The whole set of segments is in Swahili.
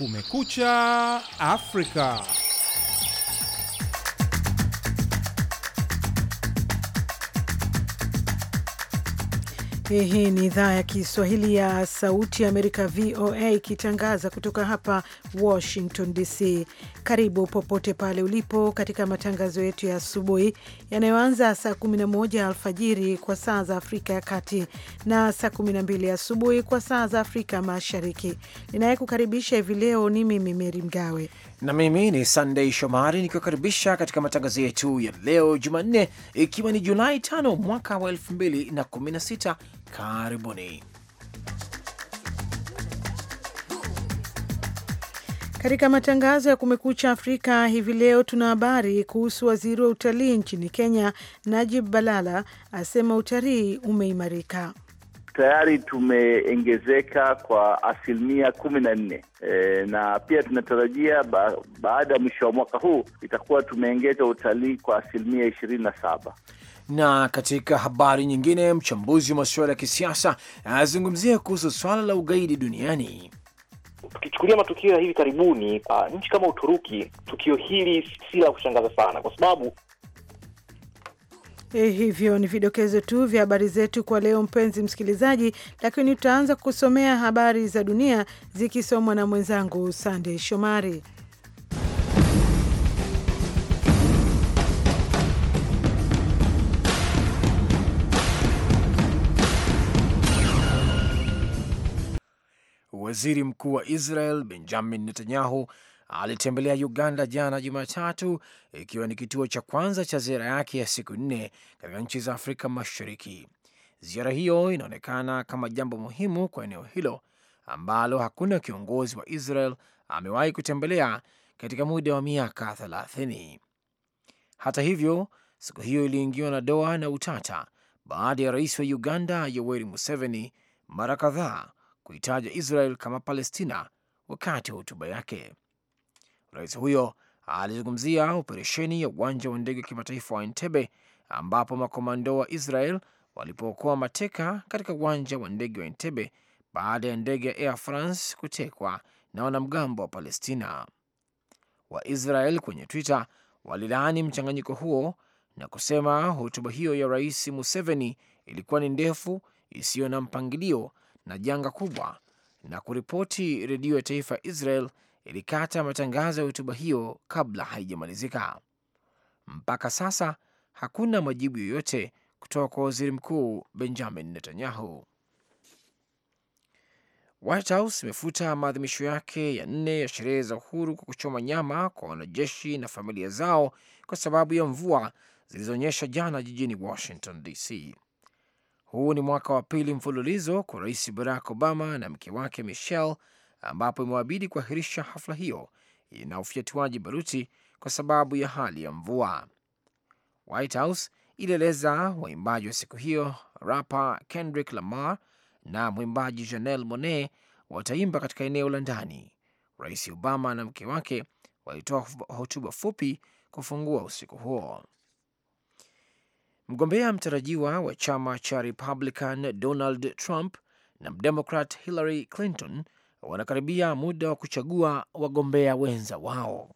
Kumekucha Afrika. Hii ni idhaa ya Kiswahili ya Sauti ya Amerika, VOA, ikitangaza kutoka hapa Washington DC. Karibu popote pale ulipo katika matangazo yetu ya asubuhi yanayoanza saa 11 alfajiri kwa saa za Afrika ya Kati na saa 12 asubuhi kwa saa za Afrika Mashariki. Ninayekukaribisha hivi leo ni mimi Meri Mgawe na mimi ni sandey Shomari nikiwakaribisha katika matangazo yetu ya leo Jumanne, ikiwa ni Julai 5 mwaka wa 216 Karibuni katika matangazo ya Kumekucha Afrika. Hivi leo tuna habari kuhusu waziri wa utalii nchini Kenya, Najib Balala asema utalii umeimarika tayari tumeongezeka kwa asilimia kumi na nne e, na pia tunatarajia ba, baada ya mwisho wa mwaka huu itakuwa tumeongeza utalii kwa asilimia ishirini na saba. Na katika habari nyingine, mchambuzi wa masuala ya kisiasa anazungumzia kuhusu swala la ugaidi duniani. Tukichukulia matukio ya hivi karibuni, uh, nchi kama Uturuki, tukio hili si la kushangaza sana, kwa sababu Eh, hivyo ni vidokezo tu vya habari zetu kwa leo, mpenzi msikilizaji, lakini tutaanza kusomea habari za dunia zikisomwa na mwenzangu sandey Shomari. Waziri Mkuu wa Israel Benjamin Netanyahu alitembelea Uganda jana Jumatatu, ikiwa ni kituo cha kwanza cha ziara yake ya siku nne katika nchi za Afrika Mashariki. Ziara hiyo inaonekana kama jambo muhimu kwa eneo hilo ambalo hakuna kiongozi wa Israel amewahi kutembelea katika muda wa miaka thelathini. Hata hivyo, siku hiyo iliingiwa na doa na utata baada ya rais wa Uganda Yoweri Museveni mara kadhaa kuitaja Israel kama Palestina wakati wa hotuba yake. Rais huyo alizungumzia operesheni ya uwanja wa ndege wa kimataifa wa Entebbe ambapo makomando wa Israel walipookoa mateka katika uwanja wa ndege wa Entebbe baada ya ndege ya Air France kutekwa na wanamgambo wa Palestina. Waisrael kwenye Twitter walilaani mchanganyiko huo na kusema hotuba hiyo ya Rais Museveni ilikuwa ni ndefu, isiyo na mpangilio na janga kubwa, na kuripoti redio ya taifa ya Israel ilikata matangazo ya hotuba hiyo kabla haijamalizika. Mpaka sasa hakuna majibu yoyote kutoka kwa waziri mkuu Benjamin Netanyahu. White House imefuta maadhimisho yake ya nne ya sherehe za uhuru kwa kuchoma nyama kwa wanajeshi na familia zao kwa sababu ya mvua zilizoonyesha jana jijini Washington DC. Huu ni mwaka wa pili mfululizo kwa Rais Barack Obama na mke wake Michelle ambapo imewabidi kuahirisha hafla hiyo na ufyatuaji baruti kwa sababu ya hali ya mvua. White House ilieleza waimbaji wa siku hiyo, rapa Kendrick Lamar na mwimbaji Janelle Monae wataimba katika eneo la ndani. Rais Obama na mke wake walitoa hotuba fupi kufungua usiku huo. Mgombea mtarajiwa wa chama cha Republican Donald Trump na Mdemokrat Hillary Clinton wanakaribia muda wa kuchagua wagombea wenza wao,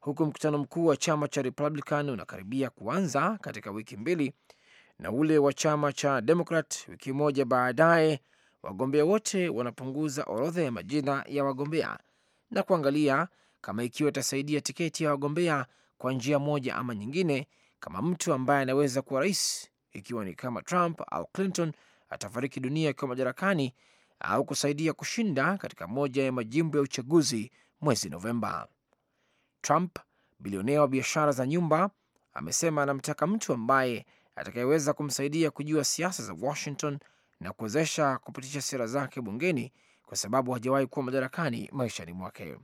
huku mkutano mkuu wa chama cha Republican unakaribia kuanza katika wiki mbili na ule wa chama cha Democrat wiki moja baadaye. Wagombea wote wanapunguza orodha ya majina ya wagombea na kuangalia kama ikiwa itasaidia tiketi ya wagombea kwa njia moja ama nyingine, kama mtu ambaye anaweza kuwa rais, ikiwa ni kama Trump au Clinton atafariki dunia akiwa madarakani au kusaidia kushinda katika moja ya majimbo ya uchaguzi mwezi Novemba. Trump, bilionea wa biashara za nyumba, amesema anamtaka mtu ambaye atakayeweza kumsaidia kujua siasa za Washington na kuwezesha kupitisha sera zake bungeni kwa sababu hajawahi kuwa madarakani maishani mwake.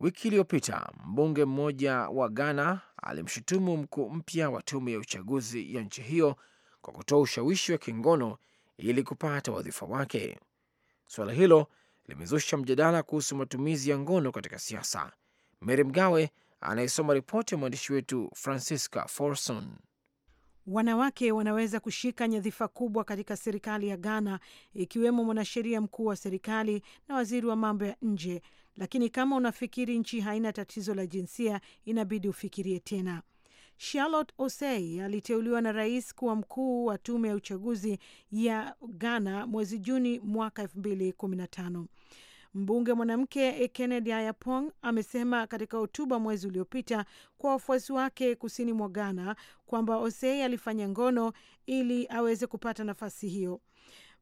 Wiki iliyopita mbunge mmoja wa Ghana alimshutumu mkuu mpya wa tume ya uchaguzi ya nchi hiyo kwa kutoa ushawishi wa kingono ili kupata wadhifa wake. Suala hilo limezusha mjadala kuhusu matumizi ya ngono katika siasa. Mary Mgawe anayesoma ripoti ya mwandishi wetu Francisca Forson. Wanawake wanaweza kushika nyadhifa kubwa katika serikali ya Ghana, ikiwemo mwanasheria mkuu wa serikali na waziri wa mambo ya nje, lakini kama unafikiri nchi haina tatizo la jinsia, inabidi ufikirie tena. Charlotte Osei aliteuliwa na rais kuwa mkuu wa tume ya uchaguzi ya Ghana mwezi Juni mwaka tano Mbunge mwanamke Kennedy Ayapong amesema katika hotuba mwezi uliopita kwa wafuasi wake kusini mwa Ghana kwamba Osei alifanya ngono ili aweze kupata nafasi hiyo.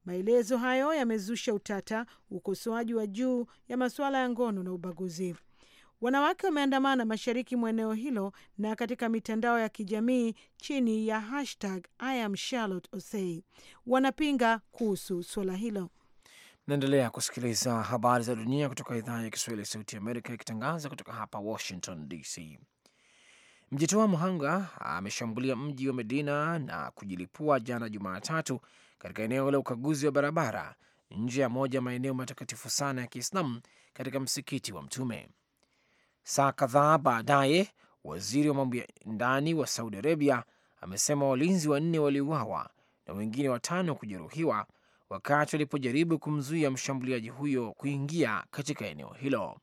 Maelezo hayo yamezusha utata, ukosoaji wa juu ya masuala ya ngono na ubaguzi. Wanawake wameandamana mashariki mwa eneo hilo na katika mitandao ya kijamii chini ya hashtag I am Charlotte Osei, wanapinga kuhusu suala hilo. Naendelea kusikiliza habari za dunia kutoka idhaa ya Kiswahili ya Sauti Amerika ikitangaza kutoka hapa Washington DC. Mjitoa mhanga ameshambulia mji wa Medina na kujilipua jana Jumatatu katika eneo la ukaguzi wa barabara nje ya moja maeneo matakatifu sana ya Kiislamu katika msikiti wa Mtume. Saa kadhaa baadaye, waziri wa mambo ya ndani wa Saudi Arabia amesema walinzi wanne waliuawa na wengine watano kujeruhiwa wakati walipojaribu kumzuia mshambuliaji huyo kuingia katika eneo hilo.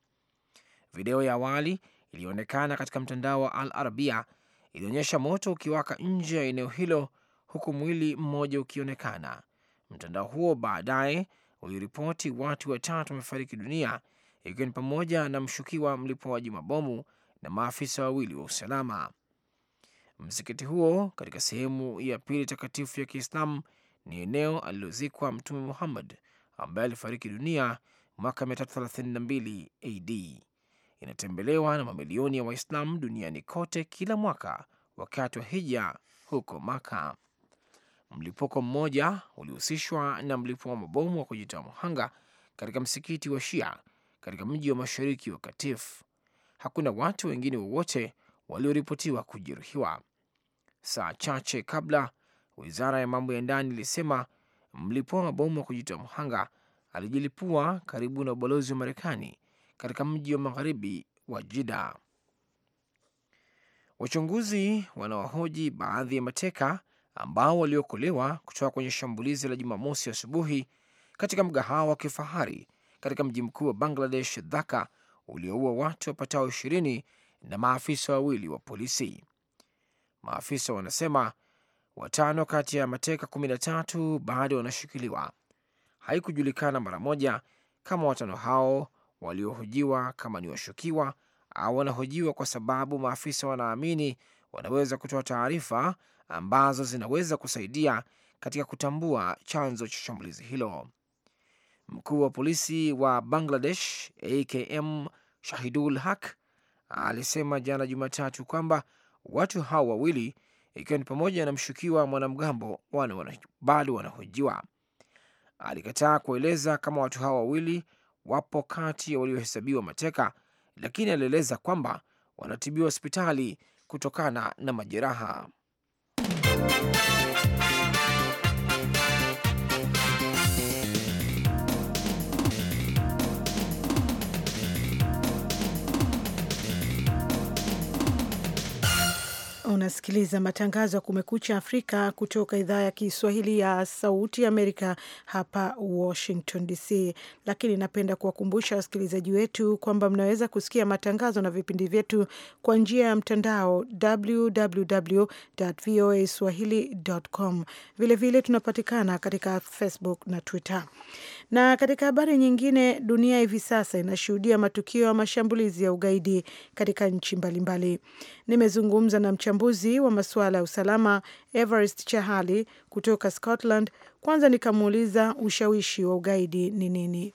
Video ya awali iliyoonekana katika mtandao wa Al Arabia ilionyesha moto ukiwaka nje ya eneo hilo huku mwili mmoja ukionekana. Mtandao huo baadaye uliripoti watu watatu wamefariki dunia ikiwa ni pamoja na mshukiwa mlipuaji mabomu na maafisa wawili wa usalama. Msikiti huo katika sehemu ya pili takatifu ya Kiislamu ni eneo alilozikwa Mtume Muhammad ambaye alifariki dunia mwaka 332 AD. Inatembelewa na mamilioni ya Waislamu duniani kote kila mwaka wakati wa hija huko Maka. Mlipuko mmoja ulihusishwa na mlipuko wa mabomu wa kujitoa muhanga katika msikiti wa Shia katika mji wa mashariki wa Katif. Hakuna watu wengine wowote walioripotiwa kujeruhiwa. Saa chache kabla, wizara ya mambo ya ndani ilisema mlipua mabomu wa kujitoa mhanga alijilipua karibu na ubalozi wa Marekani katika mji wa magharibi wa Jida. Wachunguzi wanawahoji baadhi ya mateka ambao waliokolewa kutoka kwenye shambulizi la Jumamosi asubuhi katika mgahawa wa kifahari katika mji mkuu wa Bangladesh, Dhaka, ulioua watu wapatao ishirini na maafisa wawili wa polisi. Maafisa wanasema watano kati ya mateka kumi na tatu bado wanashikiliwa. Haikujulikana mara moja kama watano hao waliohojiwa kama ni washukiwa au wanahojiwa kwa sababu maafisa wanaamini wanaweza kutoa taarifa ambazo zinaweza kusaidia katika kutambua chanzo cha shambulizi hilo. Mkuu wa polisi wa Bangladesh AKM Shahidul Haq alisema jana Jumatatu kwamba watu hao wawili ikiwa ni pamoja na mshukiwa mwanamgambo wana bado wanahojiwa. Alikataa kueleza kama watu hao wawili wapo kati ya waliohesabiwa mateka, lakini alieleza kwamba wanatibiwa hospitali kutokana na majeraha. Unasikiliza matangazo ya Kumekucha Afrika kutoka idhaa ya Kiswahili ya Sauti Amerika hapa Washington DC. Lakini napenda kuwakumbusha wasikilizaji wetu kwamba mnaweza kusikia matangazo na vipindi vyetu kwa njia ya mtandao www voa swahilicom Vilevile tunapatikana katika Facebook na Twitter. Na katika habari nyingine, dunia hivi sasa inashuhudia matukio ya mashambulizi ya ugaidi katika nchi mbalimbali. Nimezungumza na mchambuzi wa masuala ya usalama Everest Chahali kutoka Scotland. Kwanza nikamuuliza ushawishi wa ugaidi ni nini?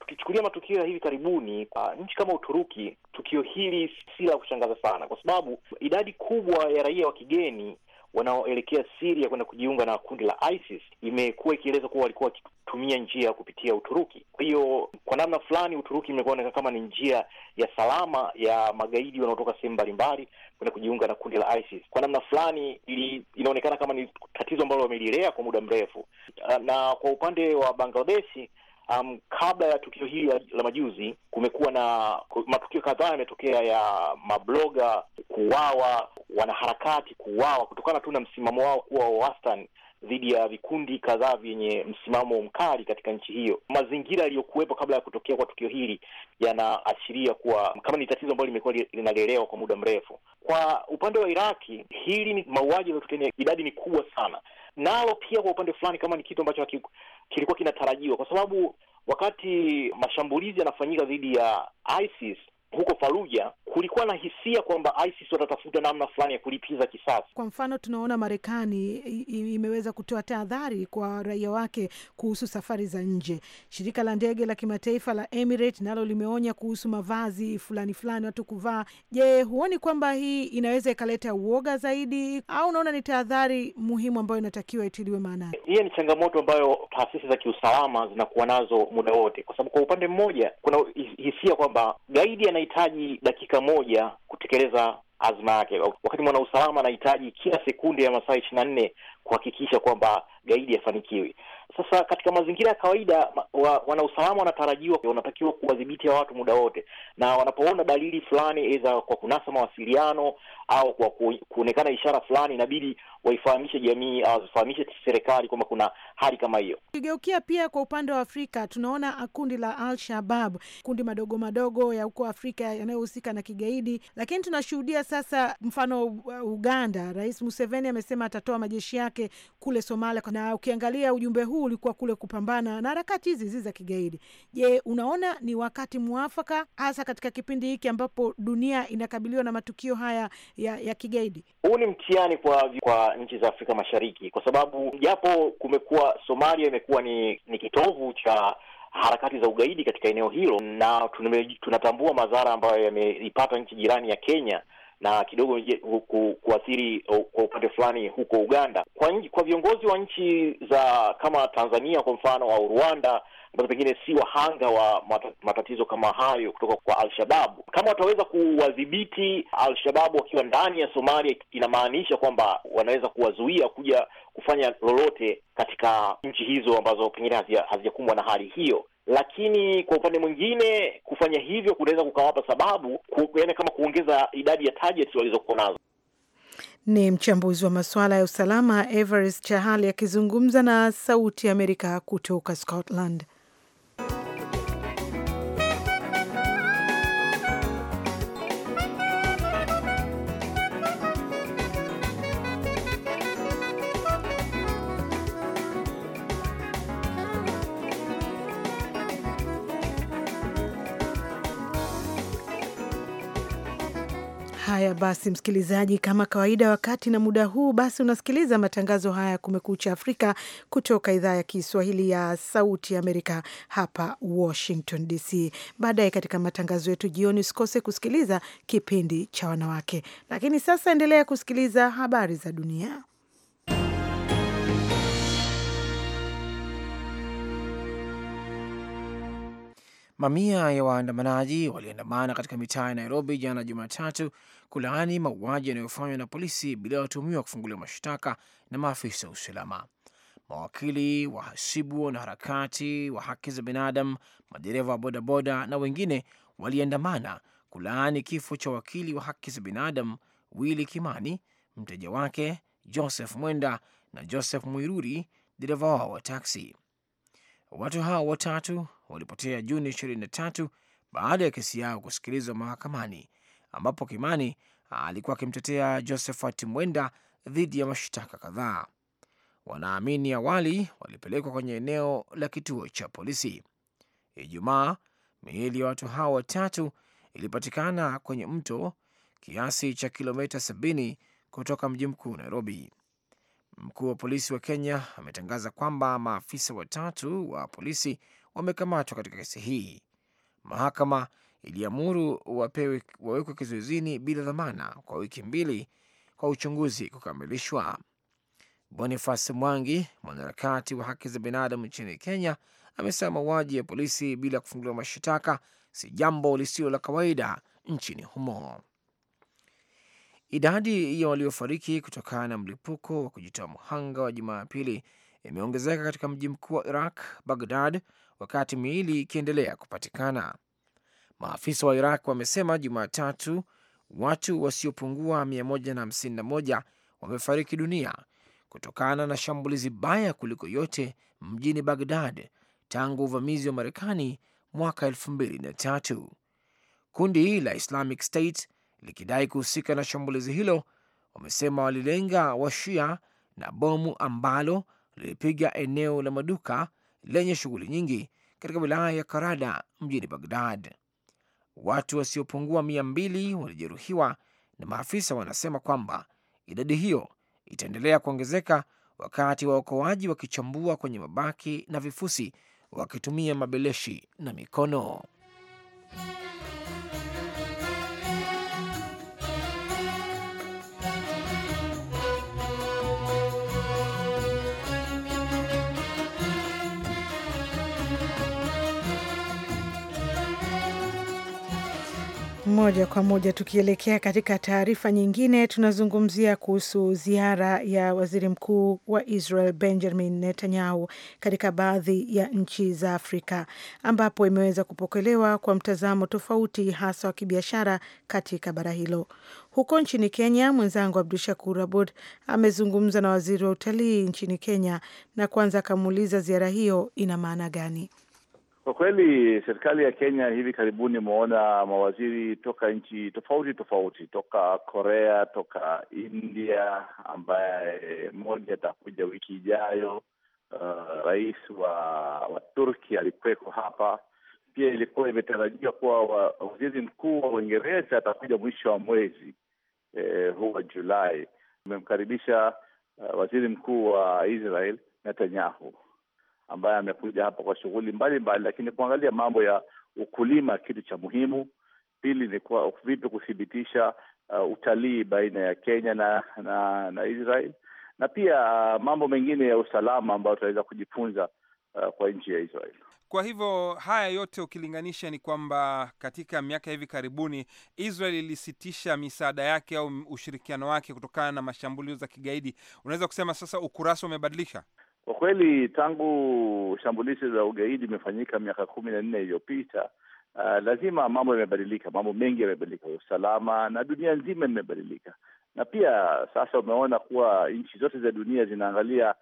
Tukichukulia matukio ya hivi karibuni, uh, nchi kama Uturuki, tukio hili si la kushangaza sana, kwa sababu idadi kubwa ya raia wa kigeni wanaoelekea Siria kwenda kujiunga na kundi la ISIS, imekuwa ikieleza kuwa walikuwa wakitumia njia ya kupitia Uturuki. Kwa hiyo kwa namna fulani Uturuki imekuwa onekana kama ni njia ya salama ya magaidi wanaotoka sehemu mbalimbali kwenda kujiunga na kundi la ISIS. Kwa namna fulani ili inaonekana kama ni tatizo ambalo wamelielea kwa muda mrefu, na kwa upande wa Bangladeshi um, kabla ya tukio hili la majuzi kumekuwa na matukio kadhaa yametokea ya mabloga kuwawa wanaharakati kuwawa kutokana tu na msimamo wao kuwa wastan dhidi ya vikundi kadhaa vyenye msimamo mkali katika nchi hiyo. Mazingira yaliyokuwepo kabla ya kutokea kwa tukio hili yanaashiria kuwa kama ni tatizo ambalo limekuwa linalelewa kwa muda mrefu. Kwa upande wa Iraki, hili ni mauaji yaliyotokea, idadi ni kubwa sana nalo pia kwa upande fulani kama ni kitu ambacho kilikuwa kinatarajiwa, kwa sababu wakati mashambulizi yanafanyika dhidi ya ISIS huko faruja kulikuwa na hisia kwamba ISIS watatafuta namna fulani ya kulipiza kisasi. Kwa mfano, tunaona Marekani imeweza kutoa tahadhari kwa raia wake kuhusu safari za nje. Shirika la ndege la kimataifa la Emirates nalo limeonya kuhusu mavazi fulani fulani watu kuvaa. Je, huoni kwamba hii inaweza ikaleta uoga zaidi, au unaona ni tahadhari muhimu ambayo inatakiwa itiliwe maanani? Hiyo ni changamoto ambayo taasisi za kiusalama zinakuwa nazo muda wote, kwa sababu kwa upande mmoja kuna hisia kwamba gaidi anahitaji dakika moja kutekeleza azma yake, wakati mwanausalama anahitaji kila sekunde ya masaa ishirini na nne kuhakikisha kwamba gaidi yafanikiwi Sasa katika mazingira ya kawaida wa, wanausalama wanatarajiwa, wanatakiwa kuwadhibiti hawa watu muda wote, na wanapoona dalili fulani za kwa kunasa mawasiliano au kwa kuonekana ishara fulani, inabidi waifahamishe jamii au serikali kwamba kuna hali kama hiyo. kigeukia pia kwa upande wa Afrika, tunaona kundi la Al Shabab, kundi madogo madogo ya huko Afrika yanayohusika na kigaidi, lakini tunashuhudia sasa, mfano uh, Uganda, Rais Museveni amesema atatoa majeshi yake kule Somalia, na ukiangalia ujumbe huu ulikuwa kule kupambana na harakati hizi hizi za kigaidi. Je, unaona ni wakati mwafaka, hasa katika kipindi hiki ambapo dunia inakabiliwa na matukio haya ya, ya kigaidi? Huu ni mtihani kwa, kwa nchi za Afrika Mashariki kwa sababu japo kumekuwa Somalia imekuwa ni, ni kitovu cha harakati za ugaidi katika eneo hilo, na tunatambua madhara ambayo yameipata nchi jirani ya Kenya na kidogo kuathiri uh, kwa upande fulani huko Uganda. Kwa nji, kwa viongozi wa nchi za kama Tanzania kwa mfano au Rwanda ambazo pengine si wahanga wa matatizo kama hayo kutoka kwa Alshababu, kama wataweza kuwadhibiti Alshababu wakiwa ndani ya Somalia, inamaanisha kwamba wanaweza kuwazuia kuja kufanya lolote katika nchi hizo ambazo pengine hazijakumbwa na hali hiyo lakini kwa upande mwingine kufanya hivyo kunaweza kukawapa sababu yaani kama kuongeza idadi ya targets walizokuwa nazo. Ni mchambuzi wa masuala ya usalama Everest Chahali akizungumza na Sauti ya Amerika kutoka Scotland. Haya basi, msikilizaji, kama kawaida, wakati na muda huu basi unasikiliza matangazo haya kumekuu Kumekucha Afrika kutoka idhaa ya Kiswahili ya Sauti Amerika hapa Washington DC. Baadaye katika matangazo yetu jioni, usikose kusikiliza kipindi cha wanawake, lakini sasa endelea kusikiliza habari za dunia. Mamia ya waandamanaji waliandamana katika mitaa ya Nairobi jana Jumatatu kulaani mauaji yanayofanywa na polisi bila watuhumiwa kufunguliwa mashtaka na maafisa wa usalama. Mawakili, wahasibu, wanaharakati wa haki za binadamu, madereva wa bodaboda na wengine waliandamana kulaani kifo cha wakili wa haki za binadamu Willy Kimani, mteja wake Joseph Mwenda na Joseph Mwiruri, dereva wao wa taksi. Watu hao watatu walipotea Juni 23 baada ya kesi yao kusikilizwa mahakamani, ambapo Kimani alikuwa akimtetea Josephat Mwenda dhidi ya mashtaka kadhaa. Wanaamini awali walipelekwa kwenye eneo la kituo cha polisi. Ijumaa, miili ya watu hao watatu ilipatikana kwenye mto kiasi cha kilomita 70 kutoka mji mkuu Nairobi. Mkuu wa polisi wa Kenya ametangaza kwamba maafisa watatu wa polisi wamekamatwa katika kesi hii. Mahakama iliamuru wapewe wawekwe kizuizini bila dhamana kwa wiki mbili kwa uchunguzi kukamilishwa. Boniface Mwangi, mwanaharakati wa haki za binadamu nchini Kenya, amesema mauaji ya polisi bila kufunguliwa mashitaka si jambo lisilo la kawaida nchini humo. Idadi ya waliofariki kutokana na mlipuko wa kujitoa mhanga wa Jumapili imeongezeka katika mji mkuu wa Iraq, bagdad wakati miili ikiendelea kupatikana. Maafisa wa Iraq wamesema Jumatatu watu wasiopungua 151 wamefariki dunia kutokana na shambulizi baya kuliko yote mjini Bagdad tangu uvamizi wa Marekani mwaka 2003. Kundi la Islamic State likidai kuhusika na shambulizi hilo wamesema walilenga washia na bomu ambalo lilipiga eneo la maduka lenye shughuli nyingi katika wilaya ya Karada mjini Bagdad. Watu wasiopungua mia mbili walijeruhiwa na maafisa wanasema kwamba idadi hiyo itaendelea kuongezeka wakati waokoaji wakichambua kwenye mabaki na vifusi wakitumia mabeleshi na mikono. Moja kwa moja tukielekea katika taarifa nyingine, tunazungumzia kuhusu ziara ya waziri mkuu wa Israel Benjamin Netanyahu katika baadhi ya nchi za Afrika ambapo imeweza kupokelewa kwa mtazamo tofauti, hasa wa kibiashara katika bara hilo. Huko nchini Kenya, mwenzangu Abdu Shakur Abud amezungumza na waziri wa utalii nchini Kenya na kwanza akamuuliza ziara hiyo ina maana gani? Kwa kweli serikali ya Kenya hivi karibuni imeona mawaziri toka nchi tofauti tofauti, toka Korea, toka India, ambaye mmoja atakuja wiki ijayo. Uh, rais wa wa Turki alikuweko hapa pia. Ilikuwa imetarajiwa kuwa waziri mkuu wa Uingereza atakuja mwisho wa mwezi eh, huu wa Julai. Amemkaribisha uh, waziri mkuu wa Israel Netanyahu ambaye amekuja hapa kwa shughuli mbalimbali, lakini kuangalia mambo ya ukulima, kitu cha muhimu. Pili ni kwa vipi kuthibitisha uh, utalii baina ya Kenya na na, na Israel na pia uh, mambo mengine ya usalama ambayo tunaweza kujifunza uh, kwa nchi ya Israel. Kwa hivyo haya yote ukilinganisha, ni kwamba katika miaka hivi karibuni Israel ilisitisha misaada yake au ushirikiano wake kutokana na mashambulio za kigaidi. Unaweza kusema sasa ukurasa umebadilisha kwa kweli tangu shambulizi za ugaidi imefanyika miaka kumi na nne iliyopita, uh, lazima mambo yamebadilika, mambo mengi yamebadilika, usalama na dunia nzima imebadilika. Na pia sasa umeona kuwa nchi zote za dunia zinaangalia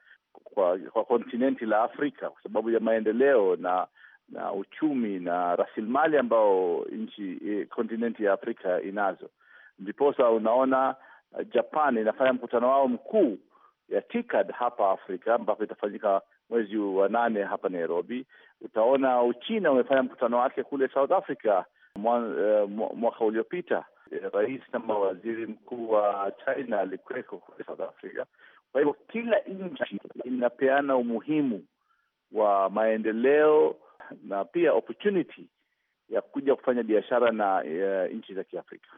kwa kwa kontinenti la Afrika kwa sababu ya maendeleo na na uchumi na rasilimali ambao nchi eh, kontinenti ya Afrika inazo, ndiposa unaona uh, Japan inafanya mkutano wao mkuu ya TICAD hapa Afrika ambapo itafanyika mwezi wa nane hapa Nairobi. Utaona Uchina umefanya mkutano wake kule South Africa eh, mwaka uliopita. Eh, rais na waziri mkuu wa China alikuweko kule South Africa. Kwa hivyo kila nchi inapeana umuhimu wa maendeleo na pia opportunity ya kuja kufanya biashara na uh, nchi za Kiafrika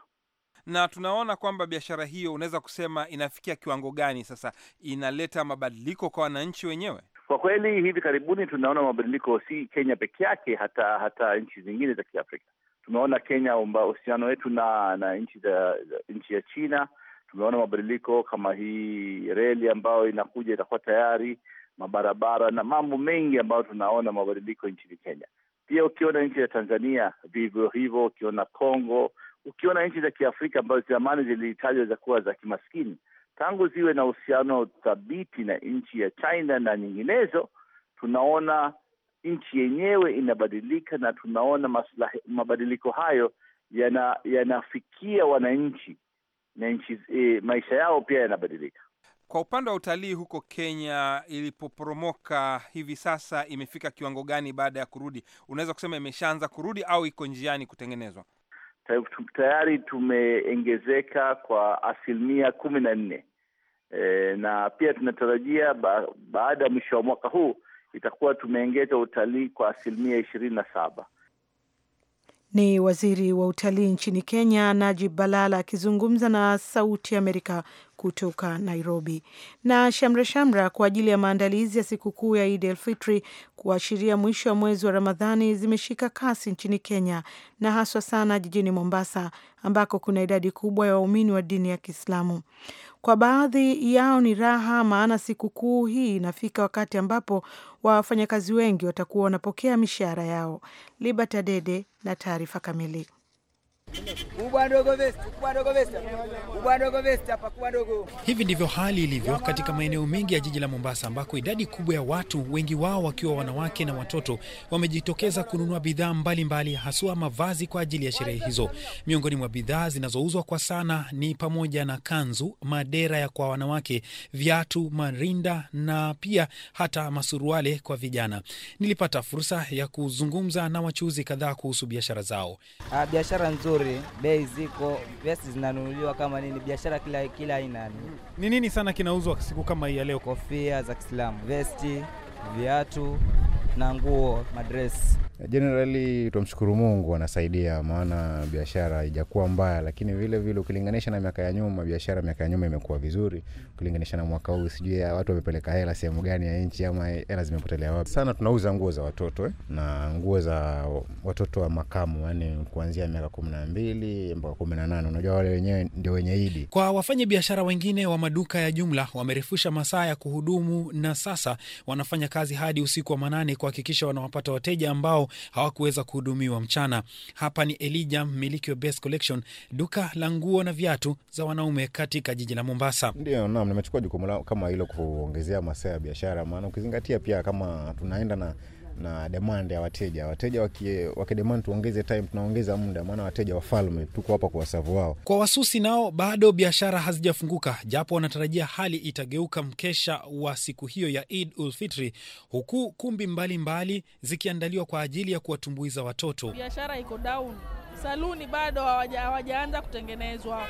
na tunaona kwamba biashara hiyo unaweza kusema inafikia kiwango gani sasa, inaleta mabadiliko kwa wananchi wenyewe. Kwa kweli hivi karibuni tunaona mabadiliko, si Kenya peke yake, hata hata nchi zingine za Kiafrika. Tumeona Kenya, uhusiano wetu na na nchi za nchi ya China, tumeona mabadiliko kama hii reli ambayo inakuja itakuwa tayari, mabarabara na mambo mengi ambayo tunaona mabadiliko nchini Kenya. Pia ukiona nchi ya Tanzania vivyo hivyo, ukiona Kongo ukiona nchi za Kiafrika ambazo zamani zilitajwa za kuwa za kimaskini, tangu ziwe na uhusiano thabiti na nchi ya China na nyinginezo, tunaona nchi yenyewe inabadilika na tunaona maslahi, mabadiliko hayo yanafikia yana wananchi na nchi e, maisha yao pia yanabadilika. Kwa upande wa utalii huko Kenya ilipoporomoka, hivi sasa imefika kiwango gani baada ya kurudi? Unaweza kusema imeshaanza kurudi au iko njiani kutengenezwa? tayari tumeongezeka kwa asilimia kumi na nne e, na pia tunatarajia ba, baada ya mwisho wa mwaka huu itakuwa tumeongeza utalii kwa asilimia ishirini na saba. Ni waziri wa utalii nchini Kenya Najib Balala akizungumza na Sauti Amerika kutoka Nairobi. Na shamra shamra kwa ajili ya maandalizi ya sikukuu ya Idi el kuashiria mwisho wa mwezi wa Ramadhani zimeshika kasi nchini Kenya na haswa sana jijini Mombasa ambako kuna idadi kubwa ya waumini wa dini ya Kiislamu. Kwa baadhi yao ni raha, maana sikukuu hii inafika wakati ambapo wafanyakazi wengi watakuwa wanapokea mishahara yao. Liberty Dede na taarifa kamili kubwa ndogo vesta, kubwa ndogo vesta, kubwa ndogo vesta ndogo. Hivi ndivyo hali ilivyo katika maeneo mengi ya jiji la Mombasa, ambako idadi kubwa ya watu, wengi wao wakiwa wanawake na watoto, wamejitokeza kununua bidhaa mbalimbali, haswa mavazi kwa ajili ya sherehe hizo. Miongoni mwa bidhaa zinazouzwa kwa sana ni pamoja na kanzu, madera ya kwa wanawake, viatu, marinda na pia hata masuruale kwa vijana. Nilipata fursa ya kuzungumza na wachuuzi kadhaa kuhusu biashara zao. Ah, biashara nzuri nzuri, bei ziko, vesi zinanunuliwa kama nini, biashara kila kila aina. Ni nini sana kinauzwa siku kama hii ya leo? Kofia za Kiislamu, vesti, viatu na nguo madres. Generally tumshukuru Mungu anasaidia, maana biashara haijakuwa mbaya, lakini vile vile ukilinganisha na miaka ya nyuma, biashara miaka ya nyuma imekuwa vizuri ukilinganisha na mwaka huu. Sijui watu wamepeleka hela sehemu gani ya nchi ama hela zimepotelea wapi. Sana tunauza nguo za watoto eh, na nguo za watoto wa makamu, yani kuanzia miaka kumi na mbili mpaka kumi na nane Unajua wale wenyewe ndio wenye idi. Kwa wafanya biashara wengine wa maduka ya jumla wamerefusha masaa ya kuhudumu na sasa wanafanya kazi hadi usiku wa manane kuhakikisha wanawapata wateja ambao hawakuweza kuhudumiwa mchana. Hapa ni Elija, mmiliki wa Best Collection, duka la nguo na viatu za wanaume katika jiji la Mombasa. Ndio, naam, nimechukua jukumu kama hilo kuongezea masaa ya biashara, maana ukizingatia pia kama tunaenda na na demand ya wateja. Wateja wakidemand tuongeze time, tunaongeza muda, maana wateja wafalme, tuko hapa kuwasavu wao. Kwa wasusi nao bado biashara hazijafunguka, japo wanatarajia hali itageuka mkesha wa siku hiyo ya Eid ul Fitri, huku kumbi mbalimbali mbali zikiandaliwa kwa ajili ya kuwatumbuiza watoto. Biashara iko down saluni bado hawajaanza kutengenezwa,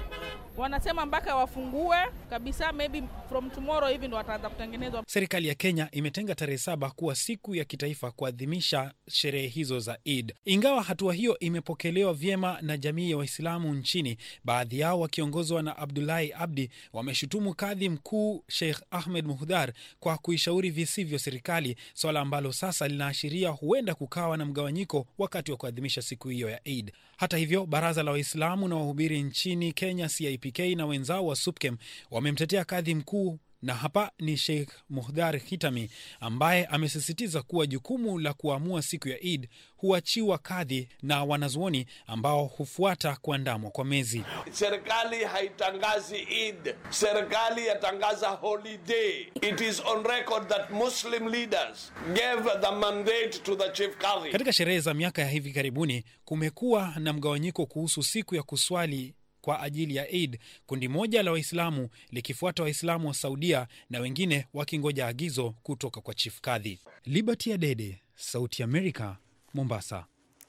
wanasema mpaka wafungue kabisa, maybe from tomorrow hivi ndo wataanza kutengenezwa. Serikali ya Kenya imetenga tarehe saba kuwa siku ya kitaifa kuadhimisha sherehe hizo za id Ingawa hatua hiyo imepokelewa vyema na jamii ya Waislamu nchini, baadhi yao wakiongozwa na Abdulahi Abdi wameshutumu kadhi mkuu Sheikh Ahmed Muhdhar kwa kuishauri visivyo serikali, swala ambalo sasa linaashiria huenda kukawa na mgawanyiko wakati wa kuadhimisha siku hiyo ya id hata hivyo, baraza la Waislamu na wahubiri nchini Kenya, CIPK, na wenzao wa SUPKEM wamemtetea kadhi mkuu na hapa ni Sheikh Muhdhar Hitami ambaye amesisitiza kuwa jukumu la kuamua siku ya id huachiwa kadhi na wanazuoni ambao hufuata kuandamwa kwa mezi. Serikali haitangazi id serikali yatangaza holiday. It is on record that Muslim leaders gave the mandate to the chief kadhi. Katika sherehe za miaka ya hivi karibuni kumekuwa na mgawanyiko kuhusu siku ya kuswali kwa ajili ya Eid, kundi moja la Waislamu likifuata Waislamu wa Saudia na wengine wakingoja agizo kutoka kwa chifu kadhi. Liberty Adede, Sauti Amerika, Mombasa.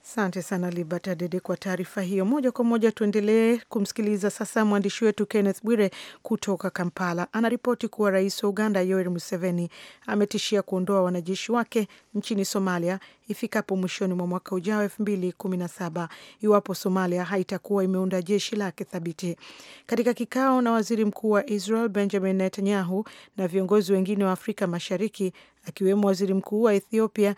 Asante sana Libata Dede kwa taarifa hiyo. Moja kwa moja tuendelee kumsikiliza sasa mwandishi wetu Kenneth Bwire kutoka Kampala. Anaripoti kuwa rais wa Uganda Yoweri Museveni ametishia kuondoa wanajeshi wake nchini Somalia ifikapo mwishoni mwa mwaka ujao elfu mbili kumi na saba iwapo Somalia haitakuwa imeunda jeshi lake thabiti. Katika kikao na waziri mkuu wa Israel Benjamin Netanyahu na viongozi wengine wa Afrika Mashariki akiwemo waziri mkuu wa Ethiopia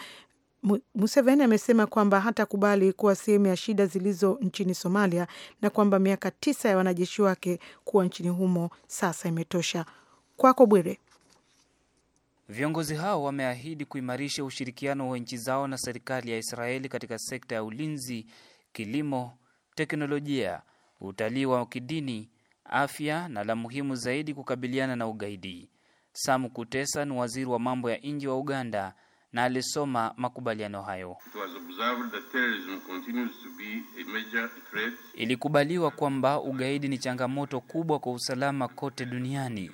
Museveni amesema kwamba hatakubali kuwa sehemu ya shida zilizo nchini Somalia na kwamba miaka tisa ya wanajeshi wake kuwa nchini humo sasa imetosha. Kwako Bwire. Viongozi hao wameahidi kuimarisha ushirikiano wa nchi zao na serikali ya Israeli katika sekta ya ulinzi, kilimo, teknolojia, utalii wa kidini, afya na la muhimu zaidi, kukabiliana na ugaidi. Sam Kutesa ni waziri wa mambo ya nje wa Uganda na alisoma makubaliano hayo. Ilikubaliwa kwamba ugaidi ni changamoto kubwa kwa usalama kote duniani.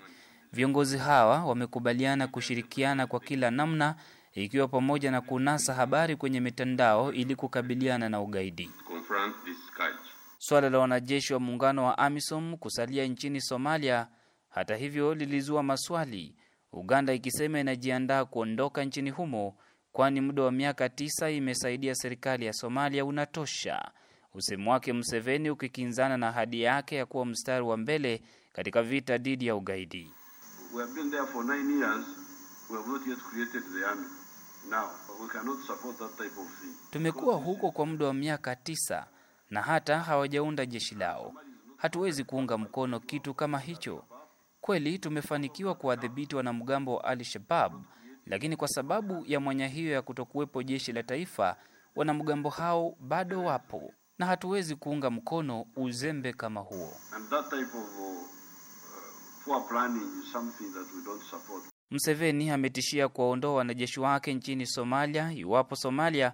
Viongozi hawa wamekubaliana kushirikiana kwa kila namna, ikiwa pamoja na kunasa habari kwenye mitandao ili kukabiliana na ugaidi. Swala la wanajeshi wa muungano wa AMISOM kusalia nchini Somalia, hata hivyo, lilizua maswali Uganda ikisema inajiandaa kuondoka nchini humo kwani muda wa miaka tisa imesaidia serikali ya Somalia unatosha. Usemu wake Museveni ukikinzana na ahadi yake ya kuwa mstari wa mbele katika vita dhidi ya ugaidi. Tumekuwa huko kwa muda wa miaka tisa na hata hawajaunda jeshi lao. Hatuwezi kuunga mkono kitu kama hicho. Kweli tumefanikiwa kuwadhibiti wanamgambo wa Al Shabab, lakini kwa sababu ya mwanya hiyo ya kutokuwepo jeshi la taifa, wanamgambo hao bado wapo na hatuwezi kuunga mkono uzembe kama huo. Uh, Mseveni ametishia kuwaondoa wanajeshi wake nchini Somalia iwapo Somalia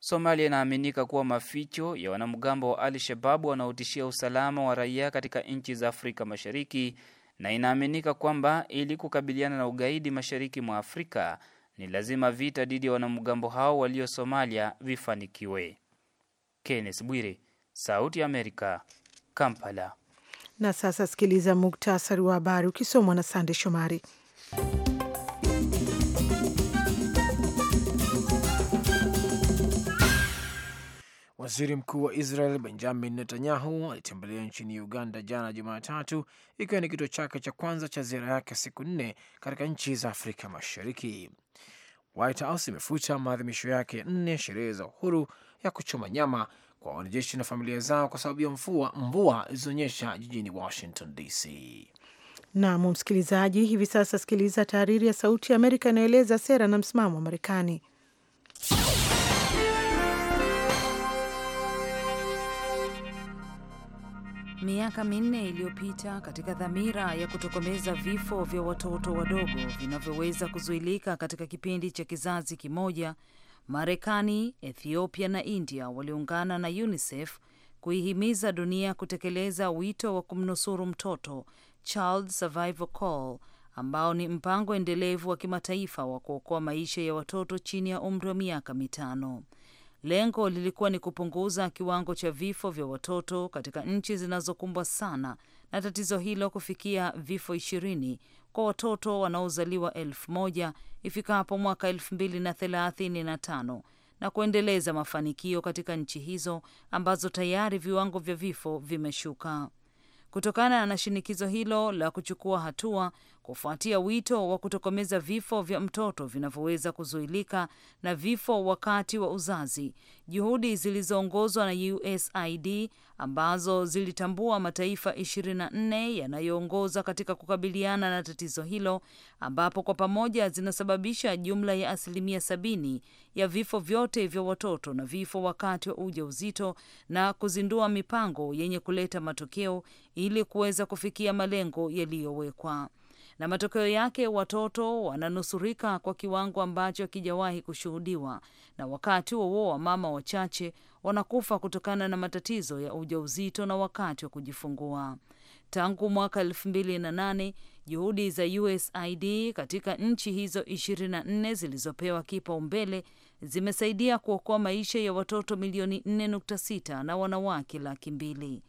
Somalia inaaminika kuwa maficho ya wanamgambo wa al shababu wanaotishia usalama wa raia katika nchi za Afrika Mashariki na inaaminika kwamba ili kukabiliana na ugaidi mashariki mwa Afrika ni lazima vita dhidi ya wanamgambo hao walio Somalia vifanikiwe. Kenneth Bwire, Sauti ya Amerika, Kampala. Na sasa sikiliza muktasari wa habari ukisomwa na Sande Shomari. Waziri mkuu wa Israel Benjamin Netanyahu alitembelea nchini Uganda jana Jumatatu, ikiwa ni kituo chake cha kwanza cha ziara yake siku nne katika nchi za Afrika Mashariki. White House imefuta maadhimisho yake ya nne sherehe za uhuru ya kuchoma nyama kwa wanajeshi na familia zao kwa sababu ya mvua mvua zilizoonyesha jijini Washington DC. Nam msikilizaji, hivi sasa sikiliza tahariri ya Sauti ya Amerika inayoeleza sera na msimamo wa Marekani. miaka minne iliyopita katika dhamira ya kutokomeza vifo vya watoto wadogo vinavyoweza kuzuilika katika kipindi cha kizazi kimoja, Marekani, Ethiopia na India waliungana na UNICEF kuihimiza dunia kutekeleza wito wa kumnusuru mtoto, Child Survival Call, ambao ni mpango endelevu wa kimataifa wa kuokoa maisha ya watoto chini ya umri wa miaka mitano. Lengo lilikuwa ni kupunguza kiwango cha vifo vya watoto katika nchi zinazokumbwa sana na tatizo hilo kufikia vifo ishirini kwa watoto wanaozaliwa elfu moja ifikapo mwaka elfu mbili na thelathini na tano na kuendeleza mafanikio katika nchi hizo ambazo tayari viwango vya vifo vimeshuka. Kutokana na shinikizo hilo la kuchukua hatua, kufuatia wito wa kutokomeza vifo vya mtoto vinavyoweza kuzuilika na vifo wakati wa uzazi, juhudi zilizoongozwa na USAID ambazo zilitambua mataifa 24 yanayoongoza katika kukabiliana na tatizo hilo, ambapo kwa pamoja zinasababisha jumla ya asilimia sabini ya vifo vyote vya watoto na vifo wakati wa ujauzito na kuzindua mipango yenye kuleta matokeo ili kuweza kufikia malengo yaliyowekwa na matokeo yake watoto wananusurika kwa kiwango ambacho hakijawahi kushuhudiwa, na wakati huo mama wachache wanakufa kutokana na matatizo ya ujauzito na wakati wa kujifungua. Tangu mwaka elfu mbili na nane juhudi za USAID katika nchi hizo 24 zilizopewa kipaumbele zimesaidia kuokoa maisha ya watoto milioni 4.6 na wanawake laki mbili.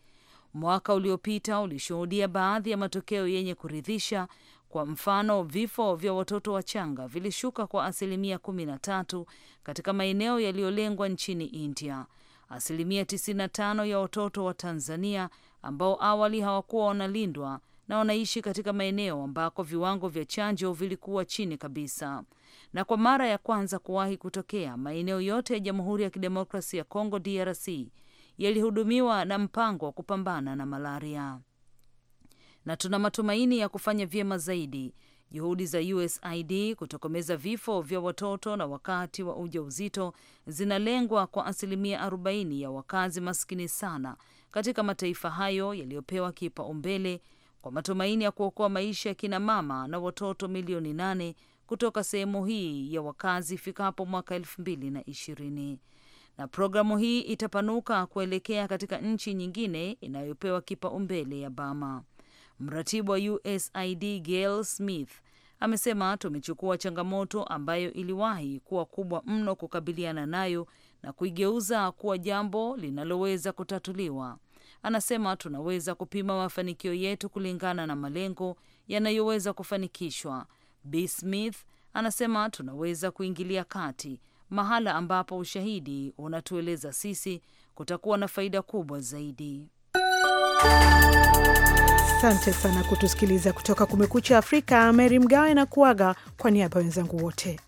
Mwaka uliopita ulishuhudia baadhi ya matokeo yenye kuridhisha kwa mfano, vifo vya watoto wachanga vilishuka kwa asilimia 13 katika maeneo yaliyolengwa nchini India. Asilimia 95 ya watoto wa Tanzania ambao awali hawakuwa wanalindwa na wanaishi katika maeneo ambako viwango vya chanjo vilikuwa chini kabisa. Na kwa mara ya kwanza kuwahi kutokea, maeneo yote ya Jamhuri ya Kidemokrasia ya Kongo DRC yalihudumiwa na mpango wa kupambana na malaria na tuna matumaini ya kufanya vyema zaidi. Juhudi za USAID kutokomeza vifo vya watoto na wakati wa ujauzito zinalengwa kwa asilimia 40 ya wakazi maskini sana katika mataifa hayo yaliyopewa kipaumbele kwa matumaini ya kuokoa maisha ya kina mama na watoto milioni nane kutoka sehemu hii ya wakazi ifikapo mwaka elfu mbili na ishirini na programu hii itapanuka kuelekea katika nchi nyingine inayopewa kipaumbele ya Bama. Mratibu wa USAID Gail Smith amesema tumechukua changamoto ambayo iliwahi kuwa kubwa mno kukabiliana nayo na kuigeuza kuwa jambo linaloweza kutatuliwa. Anasema tunaweza kupima mafanikio yetu kulingana na malengo yanayoweza kufanikishwa. B Smith anasema tunaweza kuingilia kati mahala ambapo ushahidi unatueleza sisi kutakuwa na faida kubwa zaidi. Asante sana kutusikiliza kutoka Kumekucha Afrika. Meri Mgawe na kuaga kwa niaba ya wenzangu wote.